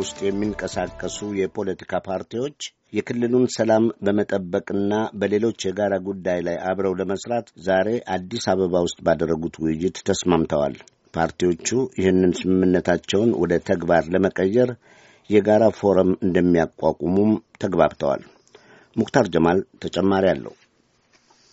ውስጥ የሚንቀሳቀሱ የፖለቲካ ፓርቲዎች የክልሉን ሰላም በመጠበቅና በሌሎች የጋራ ጉዳይ ላይ አብረው ለመስራት ዛሬ አዲስ አበባ ውስጥ ባደረጉት ውይይት ተስማምተዋል። ፓርቲዎቹ ይህንን ስምምነታቸውን ወደ ተግባር ለመቀየር የጋራ ፎረም እንደሚያቋቁሙም ተግባብተዋል። ሙክታር ጀማል ተጨማሪ አለው።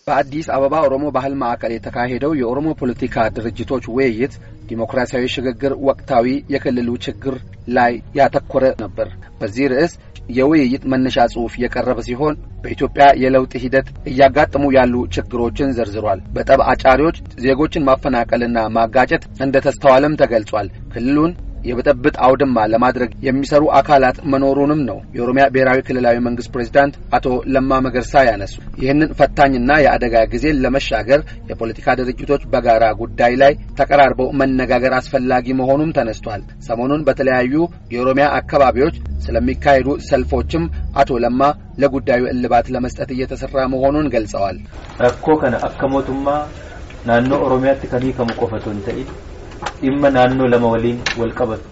በአዲስ አበባ ኦሮሞ ባህል ማዕከል የተካሄደው የኦሮሞ ፖለቲካ ድርጅቶች ውይይት ዲሞክራሲያዊ ሽግግር ወቅታዊ የክልሉ ችግር ላይ ያተኮረ ነበር። በዚህ ርዕስ የውይይት መነሻ ጽሑፍ የቀረበ ሲሆን በኢትዮጵያ የለውጥ ሂደት እያጋጠሙ ያሉ ችግሮችን ዘርዝሯል። በጠብ አጫሪዎች ዜጎችን ማፈናቀልና ማጋጨት እንደተስተዋለም ተገልጿል። ክልሉን የብጥብጥ አውድማ ለማድረግ የሚሰሩ አካላት መኖሩንም ነው የኦሮሚያ ብሔራዊ ክልላዊ መንግስት ፕሬዚዳንት አቶ ለማ መገርሳ ያነሱ። ይህንን ፈታኝና የአደጋ ጊዜ ለመሻገር የፖለቲካ ድርጅቶች በጋራ ጉዳይ ላይ ተቀራርበው መነጋገር አስፈላጊ መሆኑም ተነስቷል። ሰሞኑን በተለያዩ የኦሮሚያ አካባቢዎች ስለሚካሄዱ ሰልፎችም አቶ ለማ ለጉዳዩ እልባት ለመስጠት እየተሰራ መሆኑን ገልጸዋል። ረኮ ከነ አከሞቱማ ናኖ ኦሮሚያ ትከኒ ከሙቆፈቶን ተኢድ ይመናኑ ለመወሊን ወልቀበት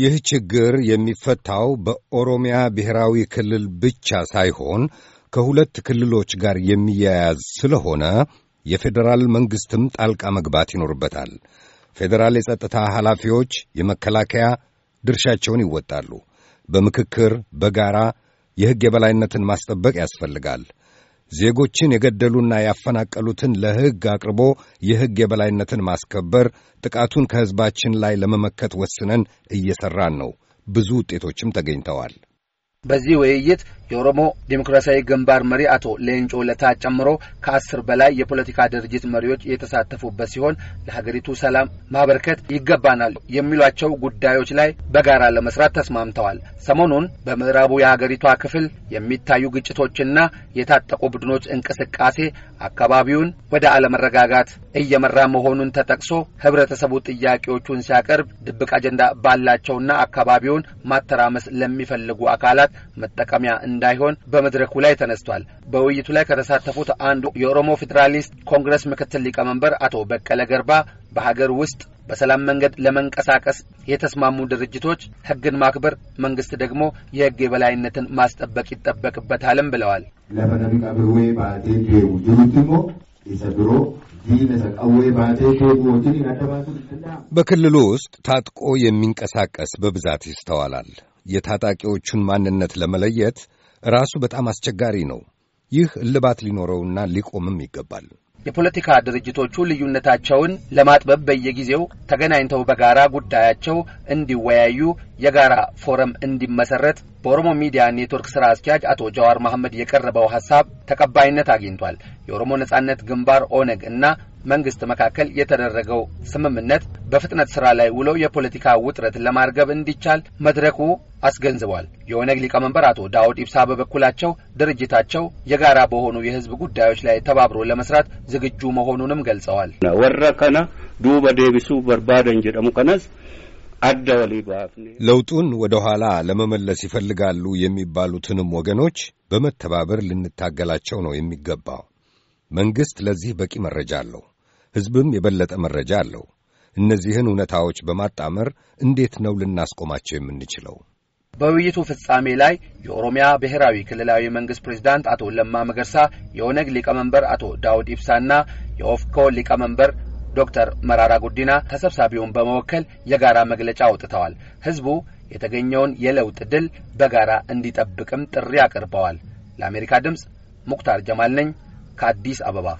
ይህ ችግር የሚፈታው በኦሮሚያ ብሔራዊ ክልል ብቻ ሳይሆን ከሁለት ክልሎች ጋር የሚያያዝ ስለሆነ የፌዴራል መንግሥትም ጣልቃ መግባት ይኖርበታል። ፌዴራል የጸጥታ ኃላፊዎች፣ የመከላከያ ድርሻቸውን ይወጣሉ። በምክክር በጋራ የሕግ የበላይነትን ማስጠበቅ ያስፈልጋል። ዜጎችን የገደሉና ያፈናቀሉትን ለሕግ አቅርቦ የሕግ የበላይነትን ማስከበር፣ ጥቃቱን ከሕዝባችን ላይ ለመመከት ወስነን እየሠራን ነው። ብዙ ውጤቶችም ተገኝተዋል። በዚህ ውይይት የኦሮሞ ዴሞክራሲያዊ ግንባር መሪ አቶ ሌንጮ ለታ ጨምሮ ከአስር በላይ የፖለቲካ ድርጅት መሪዎች የተሳተፉበት ሲሆን ለሀገሪቱ ሰላም ማበርከት ይገባናል የሚሏቸው ጉዳዮች ላይ በጋራ ለመስራት ተስማምተዋል። ሰሞኑን በምዕራቡ የሀገሪቷ ክፍል የሚታዩ ግጭቶችና የታጠቁ ቡድኖች እንቅስቃሴ አካባቢውን ወደ አለመረጋጋት እየመራ መሆኑን ተጠቅሶ ህብረተሰቡ ጥያቄዎቹን ሲያቀርብ ድብቅ አጀንዳ ባላቸውና አካባቢውን ማተራመስ ለሚፈልጉ አካላት መጠቀሚያ እንዳይሆን በመድረኩ ላይ ተነስቷል። በውይይቱ ላይ ከተሳተፉት አንዱ የኦሮሞ ፌዴራሊስት ኮንግረስ ምክትል ሊቀመንበር አቶ በቀለ ገርባ በሀገር ውስጥ በሰላም መንገድ ለመንቀሳቀስ የተስማሙ ድርጅቶች ህግን ማክበር፣ መንግስት ደግሞ የህግ የበላይነትን ማስጠበቅ ይጠበቅበታልም ብለዋል። በክልሉ ውስጥ ታጥቆ የሚንቀሳቀስ በብዛት ይስተዋላል። የታጣቂዎቹን ማንነት ለመለየት ራሱ በጣም አስቸጋሪ ነው። ይህ እልባት ሊኖረውና ሊቆምም ይገባል። የፖለቲካ ድርጅቶቹ ልዩነታቸውን ለማጥበብ በየጊዜው ተገናኝተው በጋራ ጉዳያቸው እንዲወያዩ የጋራ ፎረም እንዲመሰረት በኦሮሞ ሚዲያ ኔትወርክ ስራ አስኪያጅ አቶ ጀዋር መሐመድ የቀረበው ሀሳብ ተቀባይነት አግኝቷል። የኦሮሞ ነጻነት ግንባር ኦነግ እና መንግስት መካከል የተደረገው ስምምነት በፍጥነት ስራ ላይ ውለው የፖለቲካ ውጥረት ለማርገብ እንዲቻል መድረኩ አስገንዝቧል። የኦነግ ሊቀመንበር አቶ ዳውድ ኢብሳ በበኩላቸው ድርጅታቸው የጋራ በሆኑ የህዝብ ጉዳዮች ላይ ተባብሮ ለመስራት ዝግጁ መሆኑንም ገልጸዋል። ወረከነ ዱበ ደቢሱ በርባደን ጀደሙ ከነስ ለውጡን ወደ ኋላ ለመመለስ ይፈልጋሉ የሚባሉትንም ወገኖች በመተባበር ልንታገላቸው ነው የሚገባው። መንግሥት ለዚህ በቂ መረጃ አለው፣ ሕዝብም የበለጠ መረጃ አለው። እነዚህን እውነታዎች በማጣመር እንዴት ነው ልናስቆማቸው የምንችለው? በውይይቱ ፍጻሜ ላይ የኦሮሚያ ብሔራዊ ክልላዊ መንግስት ፕሬዝዳንት አቶ ለማ መገርሳ፣ የኦነግ ሊቀመንበር አቶ ዳውድ ኢብሳና የኦፍኮ ሊቀመንበር ዶክተር መራራ ጉዲና ተሰብሳቢውን በመወከል የጋራ መግለጫ አውጥተዋል። ህዝቡ የተገኘውን የለውጥ ድል በጋራ እንዲጠብቅም ጥሪ አቅርበዋል። ለአሜሪካ ድምፅ ሙክታር ጀማል ነኝ ከአዲስ አበባ።